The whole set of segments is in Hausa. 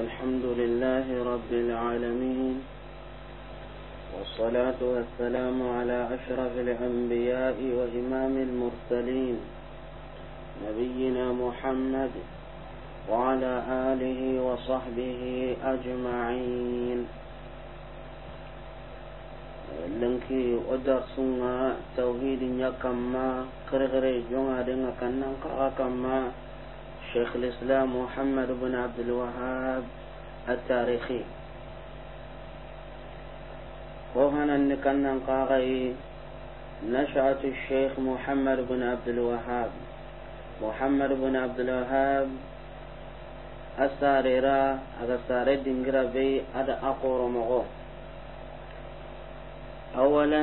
الحمد لله رب العالمين والصلاة والسلام على أشرف الأنبياء وإمام المرسلين نبينا محمد وعلى آله وصحبه أجمعين لنكي oda sunga tauhidin ya kamma kirgire jonga dinga kannan شيخ الإسلام محمد بن عبد الوهاب التاريخي وهنا نكنا قاغي نشأة الشيخ محمد بن عبد الوهاب محمد بن عبد الوهاب الساريرا أغساري دنجرا بي أدى أقور مغو أولا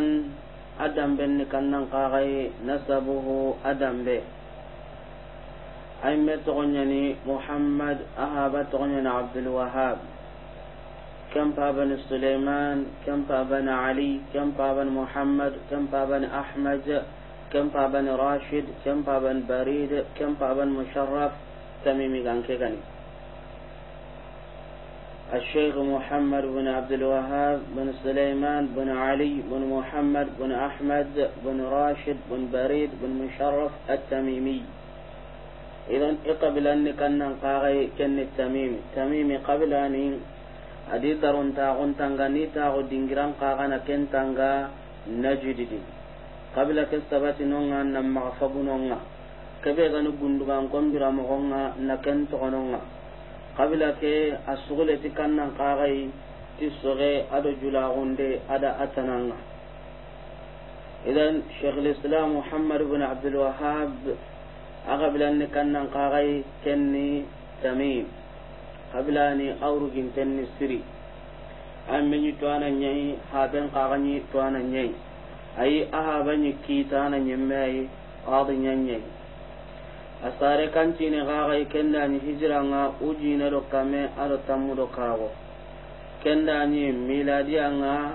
أدم بن كنا قاغي نسبه أدم بي أين تغنيني محمد أهابة تغنيني عبد الوهاب كم بابن سليمان كم بابن علي كم بابن محمد كم بابن أحمد كم بابن راشد كم بابن بريد كم بابن مشرف تميمي كان كيغني الشيخ محمد بن عبد الوهاب بن سليمان بن علي بن محمد بن أحمد بن راشد بن بريد بن مشرف التميمي idan iqabilanni kannan kaxay kenni tamimi tamimi qabilani adi daruntaxuntanga ni taxu dingiran kaxana kentanga najididi qabila ke sabatinonga nan maxa fagunonga kebe gani gundugan konbira moxonga na ken toxononga qabila ke a suguleti kannan kaxay ti soxe ado julaxunde ada atananga idan cheikh lislam mohamad bne abdulwahab aga bilanni kannan kagai kenni tamim kabilani aurugin tenni siri an menyi tuana nyai haben kaganyi tuana nyai ayi ahabanyi kitana nyemme ayi qadi nyanyai asare kancini kagai kendani hijiranga ujina do kame ado tammu do karago kendani miladianga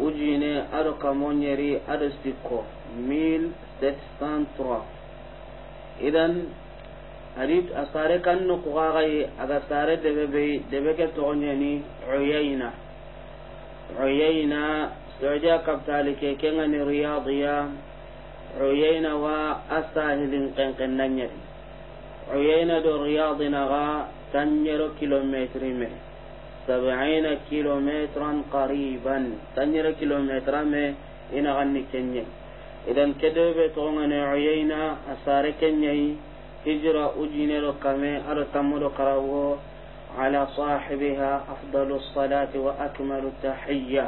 ujine ado kamonyeri ado sikko 1703 idan hadith asare kan no ko ga aga sare debe be debe ke to nyani uyayna uyayna soja kaptali ke kenga ni riyadiya uyayna wa asahilin kankan nanya uyayna do riyadina ga tanyero kilometri me sab'ina kilometran qariban tanyero kilometra me ina ganni kenye idan kede be to ngane uyayna asare kenyai hijra ujine lo kame ado tammo do karawo ala sahibiha afdalu salati wa akmalu tahiyya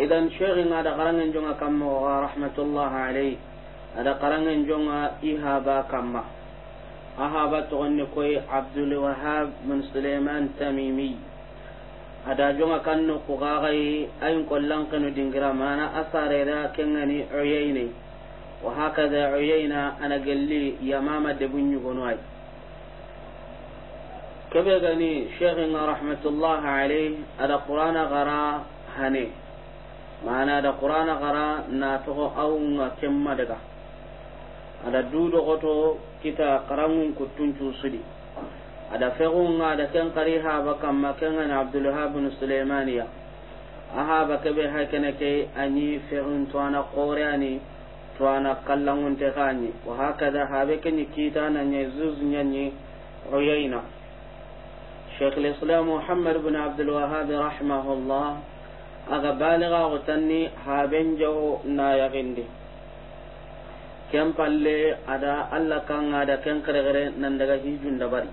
idan sheghi ngada karangen jonga kammo wa rahmatullah alayhi ada karangen jonga ihaba kamma ahaba to ngane koy abdul wahab min sulaiman tamimi ada jonga kanno kugaxay ayin kollankenu dingira mana a sarera kengani uyayne wa hakaza uyayna ana gelli yamama debun ñugonu ay kebe gani shekhinga rahmatullah alayh ada qur'ana gara hane mana ada qur'ana gara na togo awunga kemma daga ada dudogoto kita karangun kuttun cusudi ada fegun ada ken qari haba kamma kengani bin bnu aha ba ke be ha kene ke añi fegun to ana qorani to ana kallangun te kañi wa hakada haɓe keni kiitanañe zuz ñañi uyayna شيخ الإسلام محمد بن عبد الوهاب رحمه الله aga baliga gutanni haben jawo na yagindi ken palle ada allah kan ada ken kare nan daga hijun da bari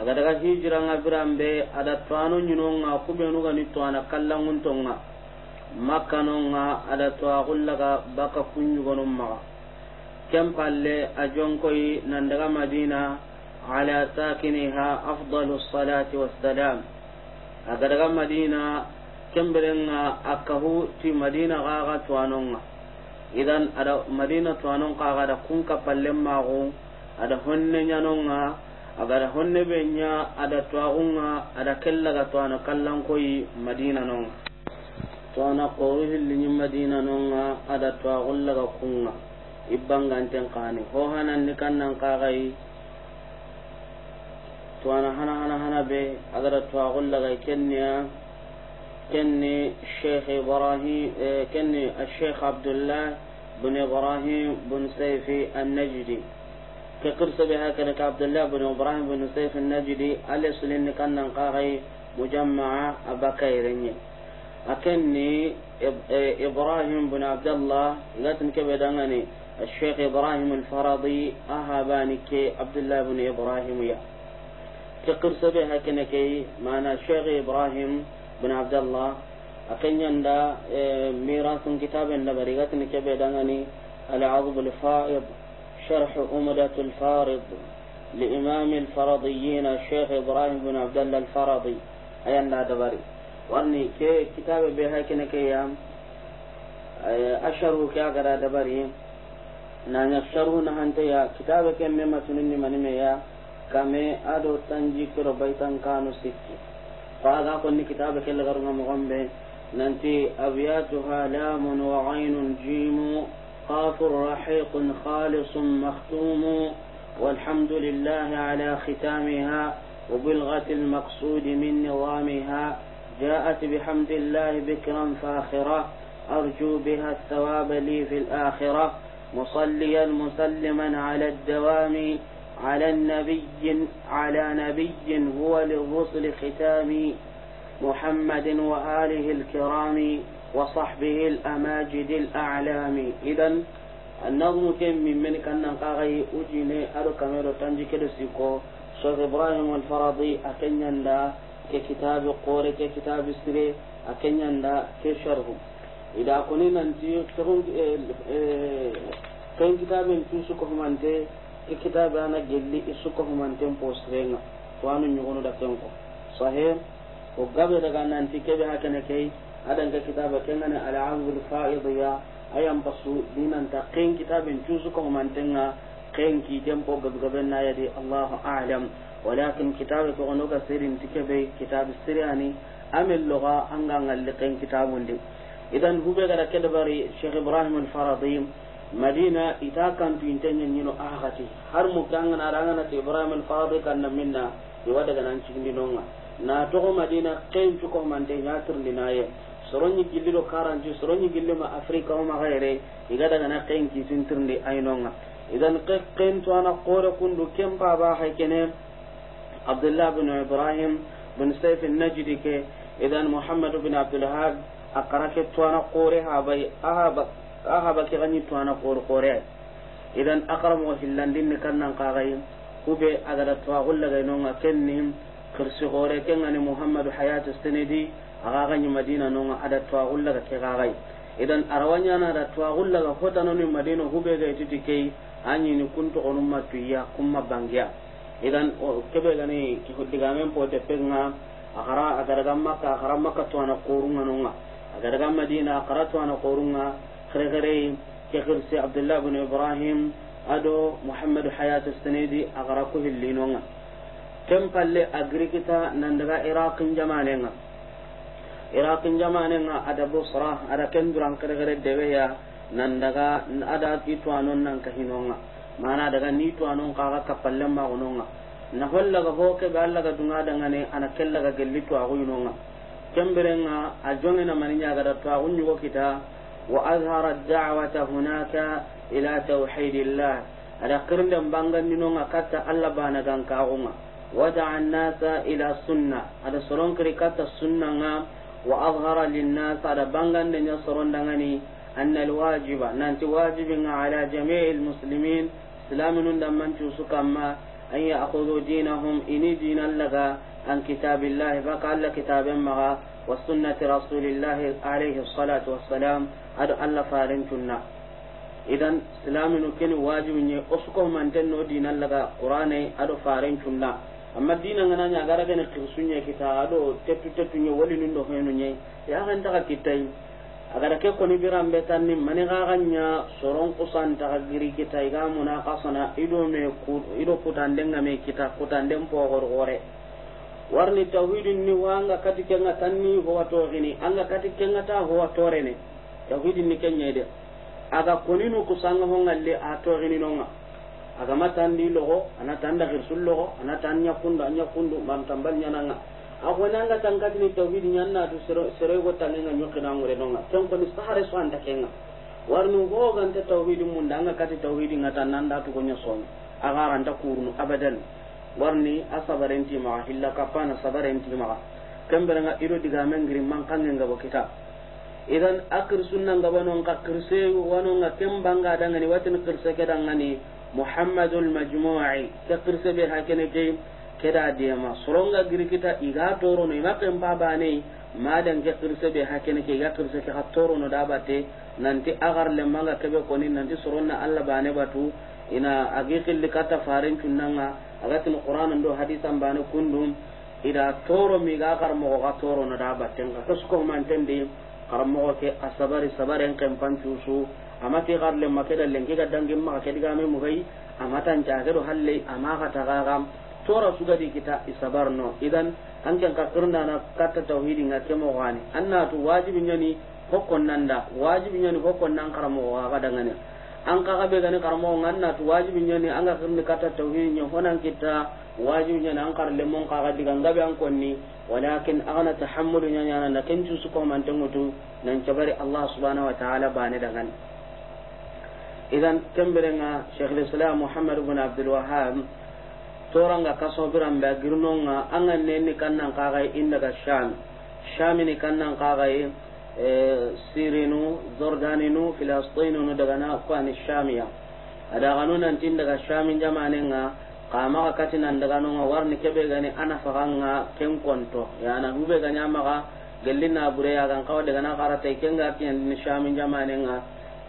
aga daga hijira nga birambe ada twano nyinonga ga ni twana kallanguntonga makkanonga ada twaxullaga baka kunñugonon maga. ken palle a jonkoyi nandaga madina ala ha afdalu salati wassalam aga daga madina nga a kahu ti madina tuwano nga idan ada madina twanon xaxa ada kun kapallen maxu ada honne nga. agada honne be nya ada twagunga ada kella ga twana kallan koyi madina non twana qori hilli nyi madina non ada twagulla ga kunga ibbangan ten kani ho hanan ni kannan kagai twana hana hana hana be agada twagulla ga kenya كني الشيخ إبراهيم كني الشيخ عبد الله بن إبراهيم بن سيفي النجدي كقرص بها كنك عبد الله بن إبراهيم بن سيف النجدي على سلين كان نقاغي مجمع أبا كيرني أكني إبراهيم بن عبد الله لاتن كبدانني الشيخ إبراهيم الفرضي أهابانك عبد الله بن إبراهيم يا كقرص بها كنك معنا الشيخ إبراهيم بن عبد الله أكني ميراث كتاب النبري النبريغات نكبدانني العظم الفائض شرح أمدة الفارض لإمام الفرضيين الشيخ إبراهيم بن عبد الله الفرضي أي أن دبري وأني كي كتاب بها كنا كيام أشره كي أقرأ دبري نعم أشره نهانتيا كتاب كم مما تنين من ميا كم أدو تنجي كربيتا كانو سكي فهذا قلني كتاب كي لغرنا ننتي أبياتها لام وعين جيم قاف رحيق خالص مختوم والحمد لله على ختامها وبلغة المقصود من نظامها جاءت بحمد الله بكرا فاخرة أرجو بها الثواب لي في الآخرة مصليا مسلما على الدوام على النبي على نبي هو للرسل ختامي محمد وآله الكرام وصحبه الأماجد الأعلام إذا النظم كم من من كان نقاغي أجيني أدو كاميرو تنجي كدو سيكو شيخ إبراهيم الفرضي أكنين دا ككتاب قوري ككتاب سري أكنين دا كشره إذا كنا ننتي تهم إيه، إيه، كن كتاب في سكوه أنت ككتاب أنا جلي سكهم أنت بوسرينا وأنا نيغونو دا كنكو صحيح وقبل دا كان كبه هكذا كي adan ga kitaba kengana ala azul fa'idiya ayan basu dinan ta ken kitabin juzu ko mantenga ken ki jempo gabgaben na yadi Allahu a'lam walakin kitabe ko ono ga sirin tikebe kitab sirani amil lugha anga ngalle ken kitabun di idan hube ga kala bari Sheikh Ibrahim al-Faradi Madina ita kan tu intenya nyino ahati har mu kanga na ranga na Ibrahim al-Faradi kan minna iwada ga nan cikin dinonga na to Madina ken ko mantenya tirni naye soronyi gilli do karanti soronyi gilli ma afrika ma gaire iga daga na kain ki sintirndi ainonga idan kain to ana kore kundu ken ba hay kene abdullah bin ibrahim bin saif an-najdi ke idan muhammad bin abdul wahhab akara ke to ana qore ha bai ahaba ahaba ke ganyi to ana kore qore idan aqramu hillandin ne kannan qagai kube agada to gulla ga nonga kenni kirsi gore ani muhammad hayatu sanidi aga ni madina non ada tawagul ga ke ga idan arwanya na da tawagul ga hota non ni madina hube ga ititi ke anyi ni kunto onum matuya kuma bangya idan kebe ga ni ki ga men pote penga agara agara ga makka agara makka to ana korunga non agara ga madina agara to na qurunga kare kare ke khirsi abdullah bin ibrahim ado muhammad hayat as-sanidi agara ko hillinonga tempalle agrikita nandaga iraqin jamanenga iraqin jamane nga ada busra ada kenduran kare kare dewe ya nan daga ada itu anon nan ka hinonga mana daga ni itu anon ka ga kapalle ma gononga na holla ga hoke ga alla ga dunga daga ne ana kella ga gelitu to ago yinonga a jonge na maninya ga da ta ago nyugo kita wa azhara ad-da'wata hunaka ila tauhidillah ada kirndan bangan ninonga katta alla bana ganka ka gonga wada'a an-nasa ila sunna ada soron kri katta sunna nga وأظهر للناس على بانغان دن يصرون دنغني أن الواجب نانت واجب على جميع المسلمين سلام من دمان أما أن يأخذوا دينهم إني دين لغا عن كتاب الله فقال الله مغا وسنة رسول الله عليه الصلاة والسلام أدعى الله فارنتنا idan silaminu keni wajibin ye osuko manten no dinan laga qur'ani ado faren cunna amma dina ngana nya gara gane tu sunye kita ado tetu tetu nye wali nindo henu nye ya kan taka kita yi agara ke koni biram betan ni mani gaga nya sorong kusan taka giri kita yi gamu na kasana ido me ido kutandeng ngame kita kutandeng po gore gore warni tauhidin ni wanga kati kenga tanni huwa togini anga kati kenga ta huwa torene tauhidin ni kenye de aga koni nu kusanga hongalli a togini nonga agama tandi logo ana tanda girsul logo ana tanya kundu anya kundu mam tambal nyananga ako nanga tangkat ni tawhid nyanna tu sere go tanenga nyokina ngure nonga ton ko ni sahare so anda kenga warnu go ganta tawhid mun danga kati tawhid ngata nanda tu gonya son agara anda kurnu abadan warni asabarenti ma hilla kapana sabarenti ma kambere nga iro diga mengri man kangenga bokita idan akir sunna ngabano ngakirse wano ngakembanga dangani watin kirse kedangani محمد المجموعي تقر سبير هكذا كي كدا ديما سرونغا غريكتا إغا تورونو إما قيم باباني ما دن كقر سبير هكذا كي إيغا قر سكي خطورونو داباتي ننتي أغر لما كبه قنين ننتي سرونا ألا باني باتو إنا أغيق اللي كتا فارين كننغا أغاتن القرآن اندو حديثا باني كندهم إذا تورو ميغا غر مغا تورونو داباتي نغا تسكو مانتن ديما karamogo ke a sabari sabaren kempan cusu ma ke garle makeda lenki ka dangin ma ke diga me mugai ama tan jage do halle ta ka tagaga tora suga di kita isabarno idan an kan ka kirna na katta tauhidin ga kemo gani anna tu wajibin yani hokkon nan da wajibin yani hokkon nan karamo ga dangane an ka ga be gani karamo nganna tu wajibin yani an ga ka ta tauhidin ya honan kita wajibi nya nan kar le mon kaga diga ngabe an konni walakin agana tahammulu nya nya na kencu su ko man tangutu nan cabari allah subhanahu wa ta'ala bane dangan idan tambirenga syekhul islam muhammad ibn abdul wahhab toranga kasobiran be girnonga ne ni kannan kaga indaga sham ni kannan kaga e, sirinu zordaninu filastinu daga na kwani shamiya ada kanunan tin daga shamin nga kama ka kati nan daga no warni kebe gani ana faganga ken konto ya na hube gani amaga gelli na bure ya gan kawa daga na karata ken ga ken ni shamin jamane nga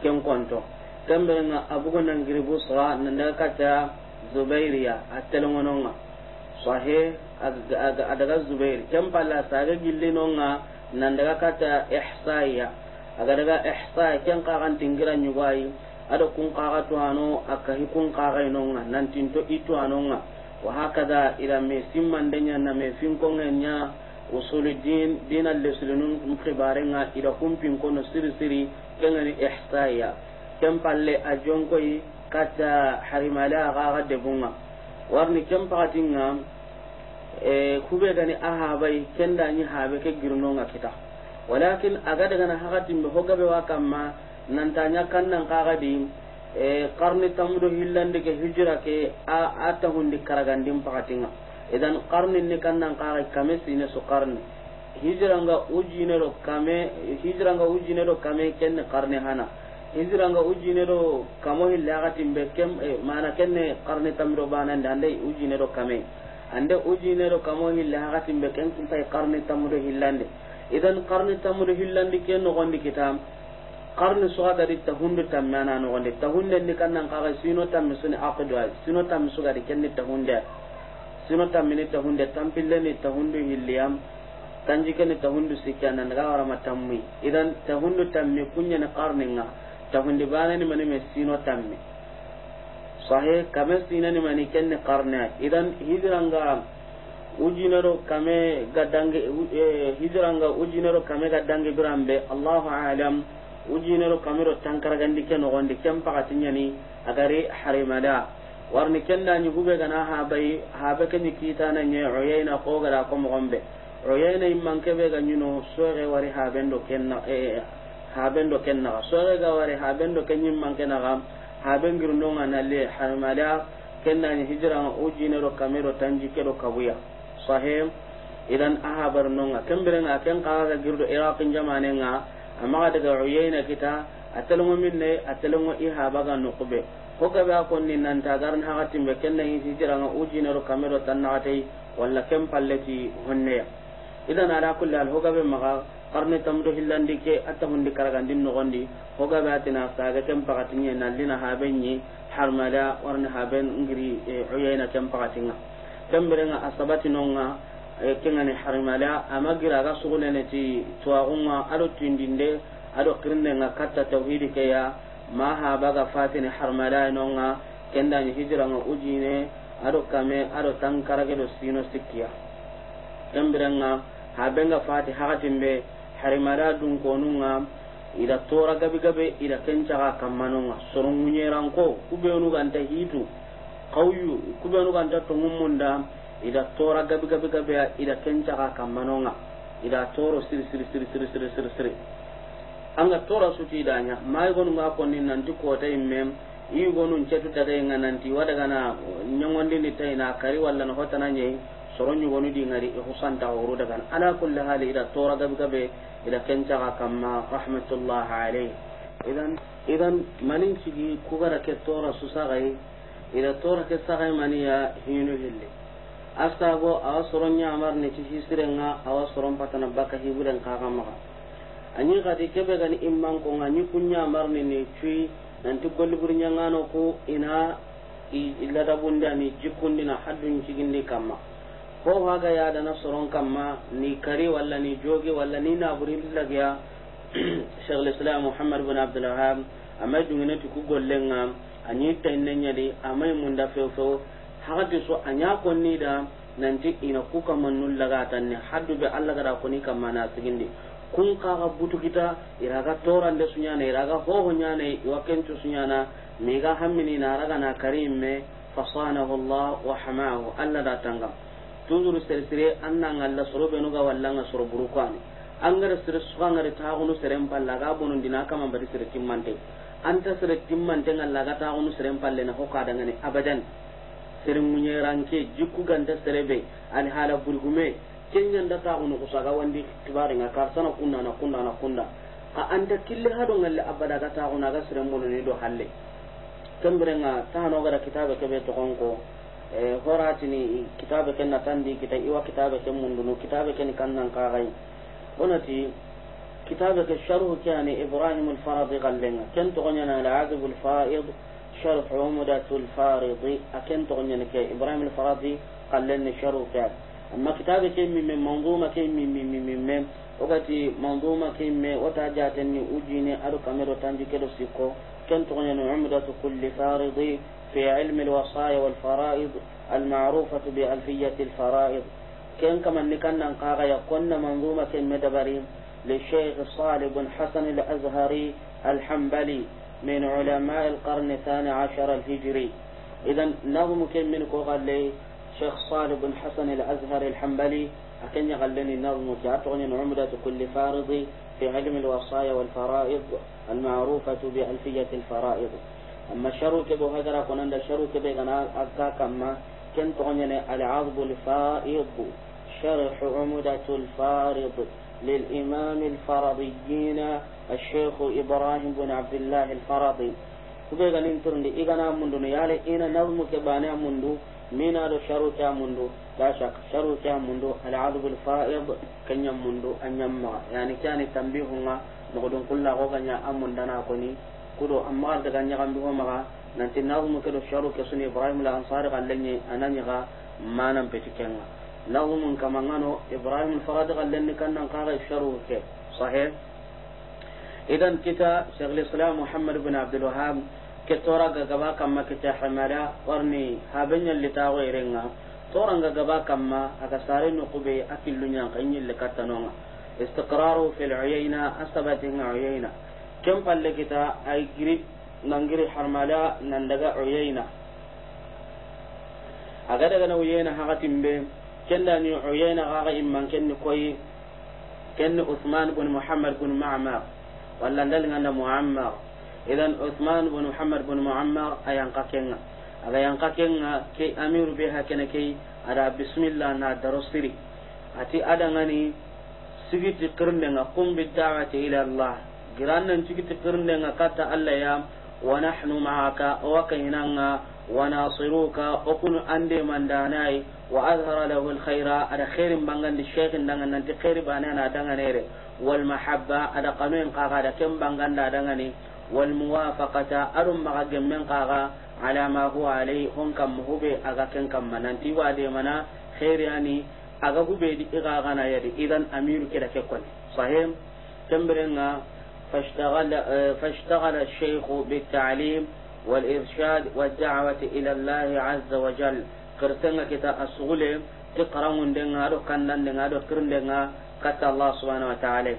ken konto tembe abugo nan giri busra nan daga kata zubairiya atelongono nga sahe adaga zubair ken pala saga gilli no nga nan daga kata ihsaiya aga daga ihsa ken ka kan tingira nyuwai ada kun kaga tuano aka hi kun kaga inonga nantin to itu anonga wa hakada ila me simman denya na me fin konga nya usul din din al lislinun mukhibare nga ila kun pin kono siri siri kenga ni ihsaya kem palle ajongo yi kata harimala gaga de bunga warni kem patinga e kube gani aha bai kenda ni habe ke girnonga kita walakin aga daga na hakatin be hogabe wa kamma nanta nya kannan kaga di e qarni tamudo hillande ke hijira ke a ata hundi karagandin pakatinga idan qarni ni kan kannan kaga kame sine su qarni hijra nga ujine do kame hijra nga ujine do kame kenne qarni hana hijra nga ujine do kamo hillagati be kem e, mana kenne qarni tamudo banande ande ujine do kame ande ujine do kamo hillagati be kem kintai karni tamudo hillande idan qarni tamudo hillande ke no gondi kitam qarnu suga di tahundu tamme ana nogondi tahunde ni kannan kaga sino tammi suni aqdu sino tammi suga di kenni tahunde sino tammi ni tahunde tampille ni tahundu hilliyam tanji kenni tahundu sikki anan daga warama tammi idan tahundu tammi kunya ni qarninga tahundi banani mani me sino tammi sahih kame sinani mani kenni qarna idan hijranga ujinero kame gadange hijranga ujinero kame gadange birambe allahu alam ujinero kamero tankaragandi ke nogondi ken pakatiyani agari harimada warni kenda ñigube gana habai habe ke ñi kitananye oyeina kogada ko mogonbe oyeina immankebe ga ñino soge wari habendo kenna eh, eh, habendo kennaga soge ga wari habendo ke ñimmankenaga habe ngirndonga nalle harimada kennañi hijiranga ujinero kamero tanjikedo kabuya sahe idan ahabarnonga kembirenga ken kaaga girdo iraqin jamanenga amma daga uyayna kita atelmo minne atelmo iha baga nuqbe ko ga ba konni nan ta garan ha tin be kenna yi hijira nga uji na kamero tan na tai walla kem palleti honne idan ala kullu al hoga be maga karne tamdo hillandi ke atta hundi karagandin no gondi hoga be atina saga kem pagatinye nallina habenye harmada warna haben ngiri eh, uyayna kem pagatinga kambere nga asabati nonga E kengani harimala ama gira ga sugunene ti tuwagunga ado tindinde ado kirinde nga katta tauhidi keya ma ha baga fatini harmala ino nga kenda ni hijira nga ujine ado kame ado tankarage do sino sikkiya kembire nga ha benga fati hakatimbe harimala dunkonunga ida tora gabi gabe ida kencaga kammanonga sorongunyeranko kubenuganta hitu kauyu kubenuganta tongumunda ida tora gabi gabi gabi ida kenca ka kamanonga ida toro siri siri siri siri siri siri siri anga tora suti danya mai gonu ni nan duko ta imem i gonu ncetu daga inga nanti wadaga na nyongondi ni tai na kari walla no hota na nyei soro nyugonu di ngari ta huru daga ala kulli hali ida tora gabi gabi ida kenca ka kamma rahmatullah alayhi idan idan manin ku gara ke tora su sagai ida tora ke sagai ya hinu hille astago awa soron ñamar ne ti hisirenga awa soron patana baka hiburen kaka maka anyi kati kebe gani imman ko nga nyi kunyamar ne ne cuyi nanti gollibur ñangano ko ina bunda ni jikkundina haddun cigindi kama ko haga dana soron kama ni kari walla ni jogi walla ni naburi lagiya sheikh lislam muhammad bin abdulwahab amay junginati ku gollenga anyi tainnenñadi amai munda fefo hagati so anya konni da nanti ina ku kamannu laga ne haddu be Allah gara mana kamana sigindi kun ka ga butu kita ga toran da sunya ne ga ho ho nya ne wa kentu sunya na me ga hammini na raga na karim me fasanahu Allah wa hamahu Allah da tanga tuzuru sirsire annan Allah suru be ga wallan soro burukwani an gara sir suka ngari ta gunu siren palla ga bunun dina kama bari sir timmante anta sir timmante ngalla ga ta gunu siren palle na ho ka dangane abadan serenguñe ranke jikku ganta serebe ani hala burgume kenyanda taxunu kusaga wandi kibarenga sana kunna na kunna na kunna ka ta kille hado ngalle abada ga taxuna ga serenmono ni do halle kembirenga taxanogada kitabe keɓe toxon ko e, horatini kitabe ken na tandi kita iwa kitabe ken mundunu kitabe ken kannan kaxay onati kitabe ke sharhu ke ibrahim ibrahim alfaradi gallenga ken toxoñana alagib alfaid شرح عمدة الفارض أكن تغنينك إبراهيم الفارضي قال لن شرح أما كيمي من منظومة من من من من وقتي منظومة كم وتاجاتني أجيني أرو كاميرو تانجي كدو سيكو كن تغنين عمدة كل فارض في علم الوصايا والفرائض المعروفة بألفية الفرائض كن كما نكنا نقاغا يقولنا منظومة كم دبرين للشيخ صالح بن حسن الأزهري الحنبلي من علماء القرن الثاني عشر الهجري إذا نظم كم من قال شيخ صالح بن حسن الأزهر الحنبلي أكن يغلني نظم كأتغني عمدة كل فارض في علم الوصايا والفرائض المعروفة بألفية الفرائض أما شروك بهدرة كنند شروك بغناء أكا كما كنت غنيني العظب الفائض الشرح عمدة الفارض للإمام الفرضيين الشيخ إبراهيم بن عبد الله الفرضي كبيرا لنترن دي إغنا مندو نيالة إنا نظم كبانا مندو مينا دو شرو كا مندو لا شك شرو كا مندو العذب الفائض كن يم مندو أن يم يعني كان تنبيهما نقدون كل غوغانيا أمون دانا كوني كدو أمار دغانيا غم بيهما ننتي نظم كدو شرو كسن إبراهيم الأنصار غالني أنا نغا ما نمبتكينا لهم كما قالوا إبراهيم الفراد قال لن كان قال الشروع كيف صحيح إذا كتاب شيخ الإسلام محمد بن عبد الوهاب كتورا غغبا كما كتاب حمالا ورني هابن اللي تاغيرنا تورا غغبا كما أكساري نقبي أكل لنيا قيني اللي كتنونا استقراره في العيينة أثبتنا عيينة كم قال لكتا أي قريب ننجري حرمالا نندقى عيينة أغدقنا عيينة هغتم بهم kenda ni uyayna gaga imman kenni koy kenni usman ibn muhammad ibn ma'mar walla ndal nganda muammar idan usman ibn muhammad ibn muammar ayan ka kenga aga yan ka kenga ke amiru be ha kenna ke ada bismillah na darosiri ati ada ngani sigiti kirnde nga kumbi da'wati ila allah girannan sigiti kirnde nga kata allah ya wa nahnu ma'aka wa kainanga wa nasiruka okunu ande mandanai وأظهر له الخير على خير عند الشيخ أن نانتي خير بانانا دانغانيري والمحبة على قانون قاغا على كم بانغان لا والموافقة أرم مغا من قاغا على ما هو عليه هم كم هو بي أغا كن كم نانتي وادي منا خير يعني أغا هو بي دي إغاغانا يدي إذن أمير كده كيكون صحيح تمبرنا فاشتغل فاشتغل الشيخ بالتعليم والإرشاد والدعوة إلى الله عز وجل kertenga kita asugule ti qarangundenga ado denga ado kirndenga kata allah subhanahu wa ta'ala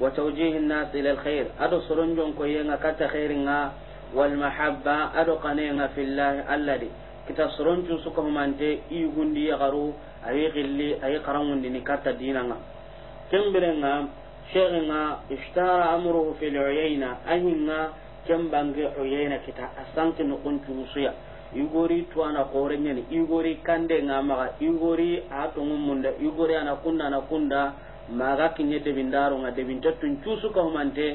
wa tawjih an-nas ila al-khair ado surunjon ko yenga katta khairinga wal mahabba ado qanenga fillah alladi kita surunjon suka humante i gundi ya garu ayi gilli ayi qarangundi ni kata dinanga kembirenga sheikhinga ishtara amruhu fil uyayna ahinga kembange uyayna kita asanki nukuncu suya igori tuana kore nyani igori kande nga maga igori atongu munda igori anakunda anakunda maga kinye debindaro nga debinta tuncusu ka humante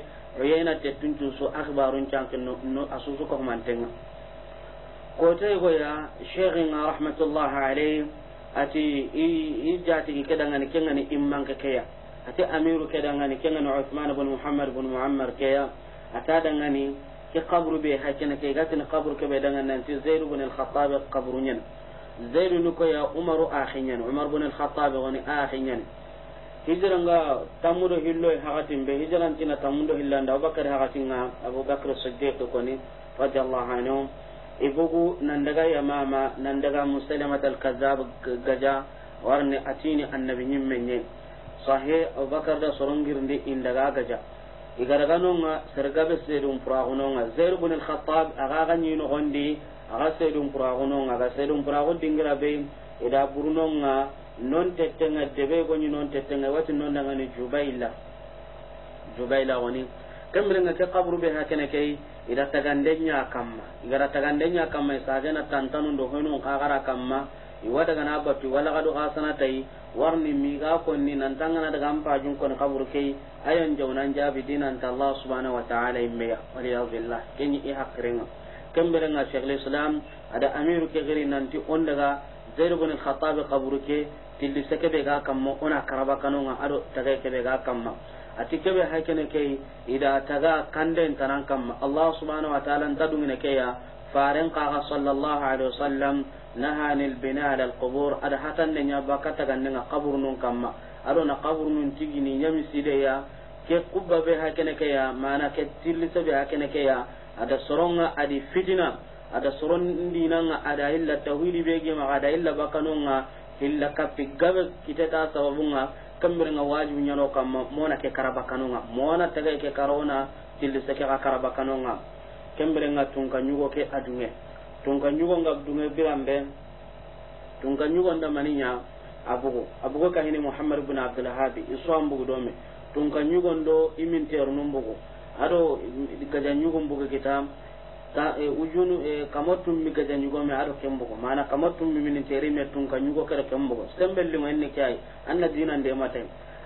uyena te tuncusu akhbarun chankin no, no asusu ka humante nga kote goya shekhi nga rahmatullah alayhi ati i jati ki kedangani kengani imman ke kaya ati amiru kedangani kengani Uthman ibn Muhammad ibn Muammar keya ata dangani ke qabru be hakene ke gatini qabru ke be dangan nanti zaid ibn al-khattab qabru nyen zaid ni ko ya umaru akhinyan umar ibn al-khattab woni akhinyan hijra nga tamudo hillo hakatin be hijran tina tamudo hillanda abubakar hakatin nga abubakar siddiq ko ni radiyallahu anhu ibugu nan daga yamama nan daga musalimat al-kazzab gaja warne atini annabi nyimme nye sahih abubakar da sorongirndi indaga gaja igaraganonga sergabe sedum puragunonga zair bun al-khattab aga ganyi no gondi aga sedum puragunonga aga sedum puragun dingira be ida burunonga non tettenga debe goni non tettenga wati non daga ni jubaila jubaila woni kamre nga ke qabru be hakene kay ida tagandenya kamma igara tagandenya kamma sagena tantanu ndo hono kagara kamma iwadagana batu walagadu xa sanatai warni ga konni na daga an jun kon kabur kai ayon jawnan dinan ta allah subhanahu wa taala immeya waliyadu billah keni i hakkirenga nga cheikh islam ada amiru ke nan nanti on daga zaid bin khattab kabur ke tilli be ga mo ona karaba kanonga ado ke be ga ma ati be hakene kei ida taga kanden tanan kamma allah subhanahu wa taala ntadungine ya faren kaga sallallahu alaihi wasallam naha nil bina ala alqubur ada hatan de bakata kata gandeng qabur nun kamma ado na qabur nun tigini nyami side ya ke kubba be hakene ke ya mana ke tilli sabe hakene ke ya ada soronga adi fitina ada soron dinanga ada illa tawhidi be ge ma ada illa bakanunga illa kapi gabe kitata sababunga nga wajibu nyano kamma mona ke karabakanunga mona taga ke karona tilli sake ka karabakanunga nga tunka nyugo ke adunge tunka nyugo ngab dunga birambe tunga nyugo nda maninya abugo abugo kahini muhammad ibn abdul hadi iso ambugo dome tunga nyugo ndo imin ter numbugo ado gaja nyugo mbugo kitam ta e, ujunu e, kamotum mi gaja nyugo me ado kembugo mana kamotum mi min teri me tunga nyugo kare kembugo stembelli mo enne kai anna dina nde matai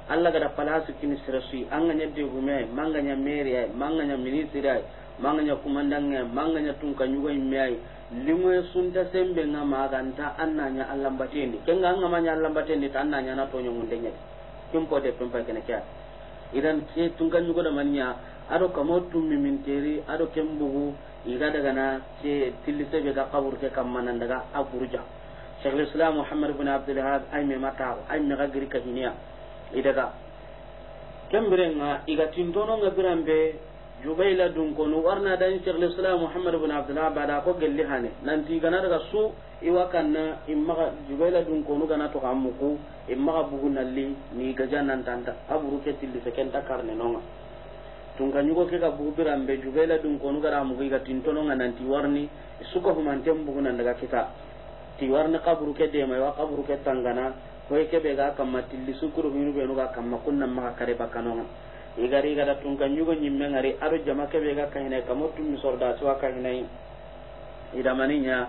alla gada palasu kini sirasi anga nyadde gume manga nya meri ay manga nya ministri ay manga nya kumandanga manga nya tunka nyugo immi ay limwe sunta sembe nga maganta annanya allambatendi kenga nga manya allambatendi ta na tonyo ngundenye kimpo de pempa kene kya idan ke tungan nyugo da manya ado kamotu tummi min teri ado kembugu iga daga na ke tilise be ga qabur ke kammanan daga aburja shaykhul islam muhammad ibn abdul hab ay me mata ay me gagri ka hiniya idaga kembrenga iga tindono nga birambe jubaila dunkonu warna dan shekhul islam muhammad ibn abdullah bada ko gelli hane nanti gana daga su iwa kanna imma jubaila dunkonu gana to amuku imma bugunalli ni gajanan nan tanta aburu ke tilli seken takarne nonga tunga nyugo ke ka bubira mbe jubaila dunkonu gara mu ga tintono nga nanti warni suka tem bugunan daga kita ti warni kaburu ke de mai wa kaburu ke tangana ko ke be ga kamma tilli sukuru minu be no ga kamma kunna ma kare bakanonga igari gada tunka nyugo nyimme ngari aro jama kebe ga kahine kamotu misorda suwa kahine idamaninya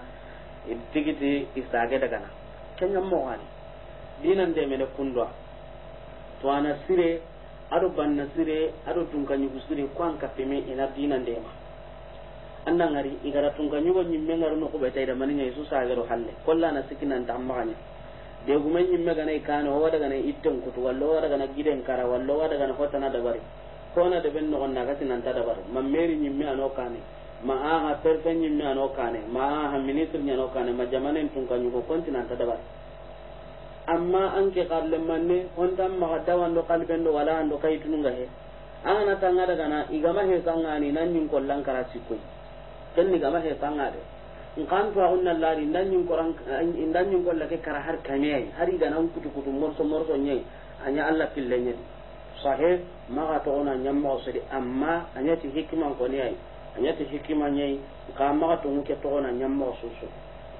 tigiti isage daga na kenya mawani dinan de mele kundwa to ana sire ado banna sire ado tunka nyugo sire kwan kapime ina dinan de ma anna ngari igara tunka nyugo nyimme ngari no kubeta idamaninya isu sage do halle kolla na sikinan tammanya de in nyimme gana ikano wa daga ne itten kutu wallo wa daga na gidan kara wallo wa daga na hotana dabari na da ben na naga tinan ta dabar man meri mi ano kane ma ha perfen mi ano kane ma minister ministre ano kane ma jamanen tun kanyu ko kontinan ta dabar amma an ke karle manne on tan ma dawan do kalben do wala ando ga he ana tanga daga na igama he sangani nan nyin kollan kara sikoi ken ni gama he sangade nkan tuwa agun na lari ndan nyin koran ndan nyin kolla ke kara har kamiyai har iga nan kutu kutu morso morso nyai anya Allah pillenye sahe maga to ona ma osiri amma anya ti hikima ko ne ai anya ti hikima nyai ka maga to muke to ona ma osusu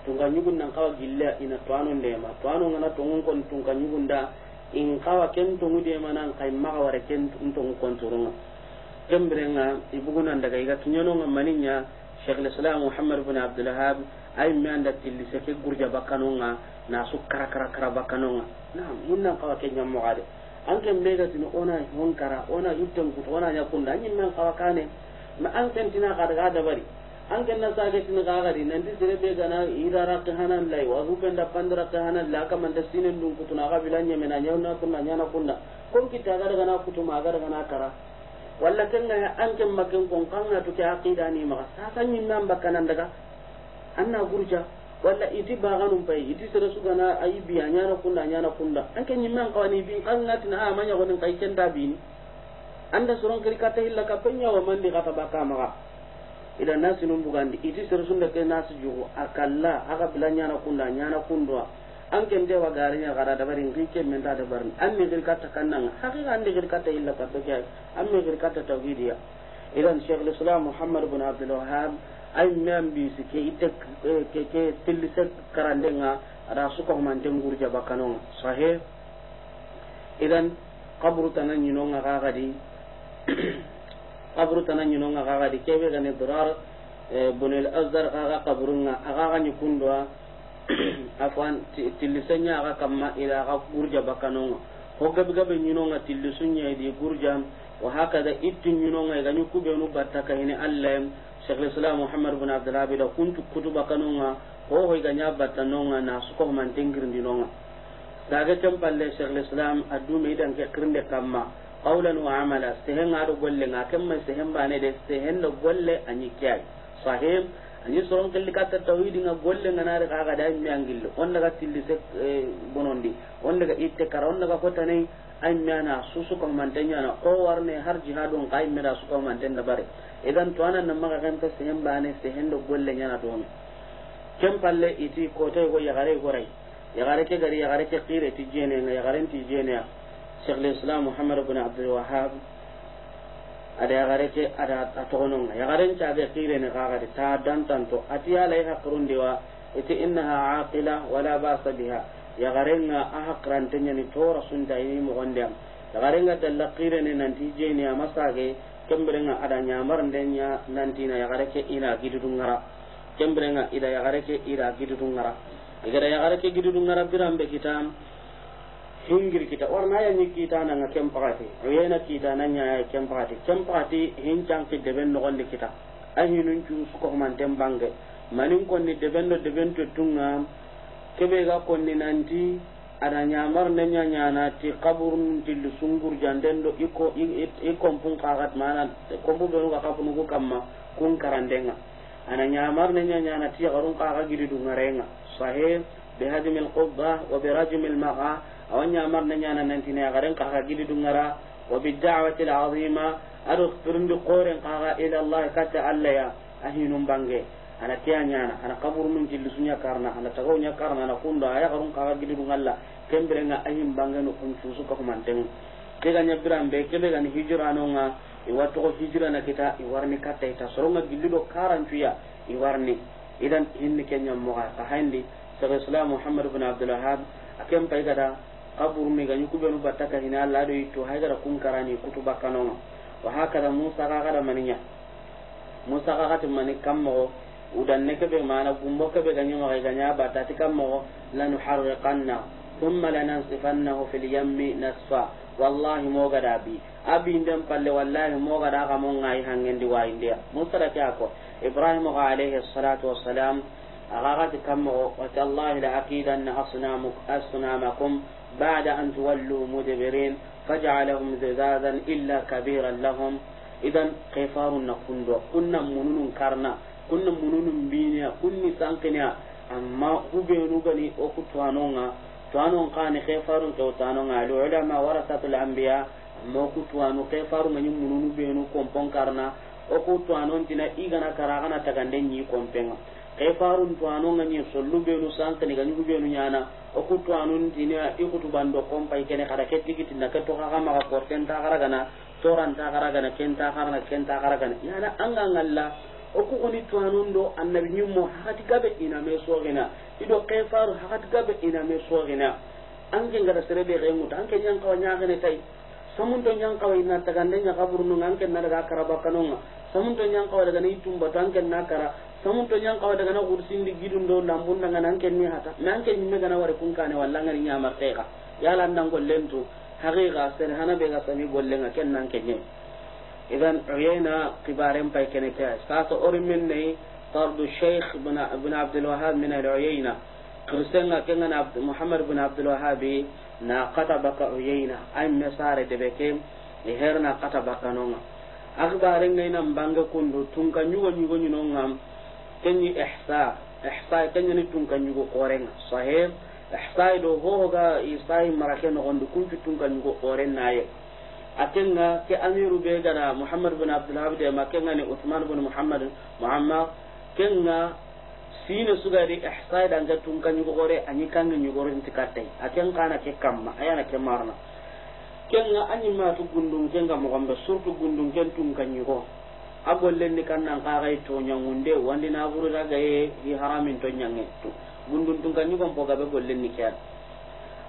tunga nyugun nan kawa gilla ina to anu ndema to ngana to ngun kon tunga nyugun da in kawa ken to ngude manan kai maga wara ken to ngun kon turunga kembre nga ibugunan daga iga tunyono ngamaninya sheikh islam شيخ الاسلام محمد بن عبد الوهاب اي ما gurja bakanonga na su kara kara kara bakanonga na mun nan من قوا nyam مغاد an kan bai ga tuni ona hon kara ona yuttan ku ona ya kun dan yin man kawa kane ma an kan tin ka daga da bari an kan na sa ga tuni ka gari nan dire be bai ga na idara ta hanan lai wa hu kan da pandra ta hanan la ka man da sinin dun ku tuna ga bilan ya mena nyau na kun na nyana kun da kon ki ta ga daga na ku tuma ga daga na kara wala walla kenga anke makin kon na to ke aqida ni ma san-san nan nyinnan bakkanan daga anna gurja walla iti baganum pay iti ga na ayi biya nyana kunda nyana kunda anke nyimman kawani bin na tina a manya gonin kai kenda bini anda suron kiri kata illa ka penya wa mandi kata baka maga ida nasu nun bugandi iti sere da ke nasu jugo akalla aga bila nyana kunda nyana kundwa an ken de wagarinya gara da barin ki ken men da barin an ne gir kata kannan hakika an de gir kata illa pato ke an mi gir kata tawhidiya idan shaykhul islam muhammad ibn abdul wahhab ay men bi sike ke ite eh, ke ke karande karandenga ada su ko man den gurja bakano sahih idan qabru tanan yino nga gadi qabru tanan yino nga gadi kebe gane durar eh, bunil azdar nga qabrunga ni nyikundwa afwan tilisanya aga ga kamma ila aga gurja bakanonga hoga biga be nyinonga tilli sunya di gurja wa hakada ittu nyinonga ga nyuku be no batta ka hini allah shaykhul islam muhammad ibn abdul habib da kuntu kutuba kanonga ho ho ga nya batta nonga na suko man dingir ndinonga daga tan palle shaykhul islam adume idan ke kirnde kamma qawlan wa amala sehen ado golle nga kamma sehen bane de sehen no golle anyi kiyai sahib ani soron kelli katta tawhid nga golle nga nare ka ga dai mi angillo on daga tilli se e, bonondi on daga itte kara on daga kota ne ay miana susu ko mantenya na ko warne har jihadun kai mi da su ko manten da bare idan to anan nan maka kan pese yan bane se hendo golle nya na don kem palle iti ko to go yagare go rai yagare ke gari yagare ke qire ti jene na yagare ti jene ya Sheikh Islam Muhammad ibn Abdul Wahhab ada yagare ke ada atogononga yagaren ne kirene kagadi ta dan tan dantanto ati yalai hakkirundiwa iti innaha aqila wala basa biha nga a ha hakkirantenyani tora suntaini mogondeam yagarenga dalla kirene nanti jeni amasage kembirenga ada ñamarndenya nantina yagare ke ina ngara kembere nga ida yagare ke ida gididungara igada yagare ke ngara biram be kitam hingir kita warna na ni kita na nga kem pakati kita na nya kem pakati kem pakati deben no gonde kita man manin deben deben to tunga kebe ga nanti nya nya na ti ti janden do iko i kagat mana do ga kapun ko kamma kun karandenga ana nya nya na ti garun kaga dungarenga wa birajimil almaqa awanya marna nyana nanti ne agaren kaga gidi dungara wa bid'awati al'azima adu firndi qoren kaga ila allah katta allah ya ahinum bange ana tiya nyana ana kaburu nun jilli sunya karna ana tagaw nya karna ana kunda aya garun kaga gidi dungalla kembere nga ahim bange no kuncu su ka kumanten kega nya biran be kebe ga ni hijra no nga iwa to hijra na kita iwarni katta ita soronga gilli do karancu ya iwarni idan hinni kenya mo ka hindi sabai islam muhammad ibn abdul wahhab akem paigada aburu me ganyu kubenu bataka hina Allah do itu haigara kun karani kutuba kanonga wa hakada Musa ka kada maninya Musa ka kata mani kammo udan ne kebe mana gumbo kebe ganyu ma ganya batati kammo lanu harqanna thumma lanansifannahu fil yammi nasfa wallahi mo gada bi abi ndem palle wallahi mo gada ka mo ngai hangendi wa india Musa da kya ko Ibrahim alayhi salatu wassalam أغاغت كم وتالله لأكيدن أصنامك أصنامكم بعد أن تولوا مدبرين فجعلهم زجاجا إلا كبيرا لهم إذا قفار نكندو كنا منون كرنا كنا منون بينيا كنا سانكنيا أما هبينو غني أكو توانونا توانون قاني قفار كوتانونا العلماء ورثة الأنبياء أما أكو توانو قفار غني منون بينو كومبون كرنا أكو توانون تنا إيغانا كراغانا تغندن يي كومبينغا kefarun to anonga ni sollu be ni ganyu be nu nyana o ku to anun tinya i ku to bando kom pai kene kada ke tikiti na ke to ma ka ta kara gana ta kara gana ken ta kara ken ta kara gana yana anga ngalla o ku to annabi mo hakati gabe ina me so gina ido kefaru hakati gabe ina me so gina anke ngada serebe nyang tai samun to nyang na tagande nya kaburu nu anke na daga karaba kanonga samun to nyang daga ni tumba to na kara samun to nyang kawa daga na kursin di gidun do lambun daga nan ken mi hata nan ken mi gana wari kun kane wallan ngari nya mar tega ya lan nan gollen to haqiqa sen hana be ga sami gollen ken nan ken ne idan uyayna qibaren pay kene ka sa to orin min ne tardu shaykh ibn ibn abd alwahhab min al-uyayna qirsan ga ken na muhammad ibn abd alwahhab na qata baka uyayna ay mesare de be ken herna qata baka nonga akhbaren ngai nan banga kundu tunka nyugo nyugo nyinonga kenyi ihsa ihsa kenyi ni tun kan yugo orenga sahib ihsa do ho ga isai marake no gondi kun tun kan yugo koren naye akenga ke amiru be gara muhammad bin abdullah de makenga ni usman bin muhammad muhammad kenga sine di ihsa dan ga tun kan yugo ore anyi kan yugo rin tikatai aken kana ke kamma ayana ke marna kenga anyi ma tu gundung kenga mo gombe surtu gundung ken tun kan yugo a gollenni kan nan kaxay toñangunde wandi naburuta gaye i haramin to ñange gundumtunka ñugon po gabe gollenni ke ad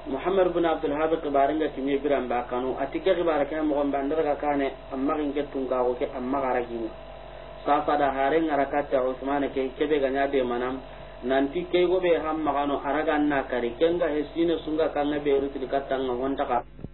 mohamad bne abdulhabi xibarenga kimie biranbe a kanu ati ke xibara ke a moxonbe a ndaraga kane a maxin ke tunkaxu ke a maxara gini safada hare ngara katta usmane ke kebe ganya de manam nanti ke go be ham magano araga na kari kenga hesine sunga kanga be rutri katta ngonta ka